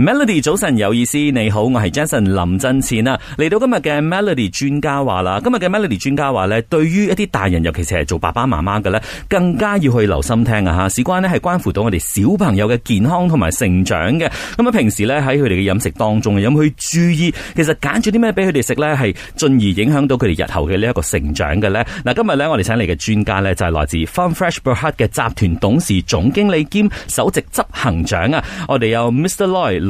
Melody 早晨有意思，你好，我係 Jason 林振錢啊！嚟到今日嘅 Melody 專家話啦，今日嘅 Melody 專家話咧，對於一啲大人，尤其是係做爸爸媽媽嘅咧，更加要去留心聽啊！吓，事關咧係關乎到我哋小朋友嘅健康同埋成長嘅。咁啊，平時咧喺佢哋嘅飲食當中，有冇去注意？其實揀咗啲咩俾佢哋食咧，係進而影響到佢哋日後嘅呢一個成長嘅咧？嗱，今日咧我哋請嚟嘅專家咧就係來自 Farm Fresh Berhad 嘅集團董事總經理兼首席執行長啊！我哋有 Mr. Lloyd。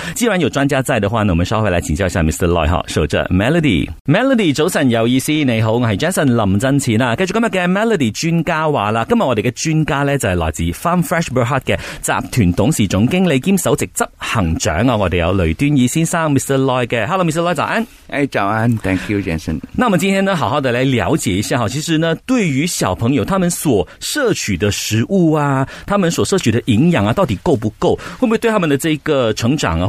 既然有專家在的話，呢，我們稍後來請教一下 Mr. Lloyd 哈，守着 Melody，Melody 早晨有意思，你好，我是 Jason 林振前。啦。繼續今日嘅 Melody 專家話啦，今日我哋嘅專家呢，就係來自 Farm Fresh Berhad 嘅集團董事總經理兼首席執行長啊。我哋有雷端意先生，Mr. Lloyd 嘅，Hello，Mr. Lloyd 早安，誒早安，Thank you，Jason。那我們今天呢，好好的來了解一下哈，其實呢，對於小朋友，他們所攝取的食物啊，他們所攝取的營養啊，到底夠不夠，會唔會對他們的這個成長啊？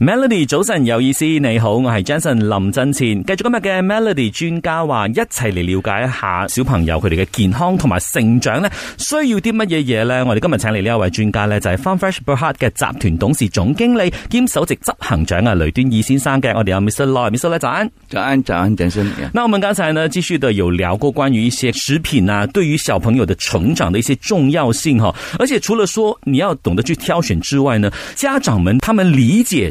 Melody 早晨有意思，你好，我係 Jason 林振前，繼續今日嘅 Melody 專家話，一齊嚟了解一下小朋友佢哋嘅健康同埋成長咧，需要啲乜嘢嘢咧？我哋今日請嚟呢一位專家咧，就係 Farm Fresh Berhad 嘅集團董事總經理兼首席執行長啊，雷端意先生嘅我哋阿 Mr. Law，Mr. Law 早安，早安，早安，Jason。那我們剛才呢繼續的有聊過關於一些食品啊，對於小朋友的成長的一些重要性嗬、啊，而且除了說你要懂得去挑選之外呢，家長們他們理解。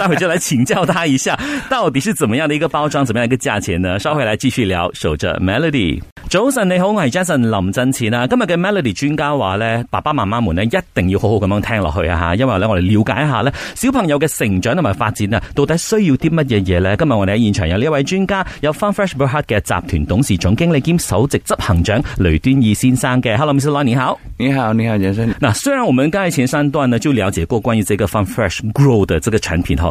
待回就來請教他一下，到底是怎麼樣的一個包裝，怎麼樣的一個價錢呢？稍後來繼續聊。守着 m e l o d y j 晨 s o n 你好，我是 Jason。林振前今日嘅 Melody 專家話呢爸爸媽媽們一定要好好咁樣聽落去啊吓，因為我哋了解一下呢小朋友嘅成長同埋發展啊，到底需要啲乜嘢嘢呢今日我哋喺現場有呢一位專家，有 Fun Fresh Grow 嘅集團董事總經理兼首席執行長雷端義先生嘅。Hello，Miss l e n n 你好，你好，你好，先生。n 雖然我們剛才前三段呢就了解過關於這個 Fun Fresh Grow 的這個產品哈。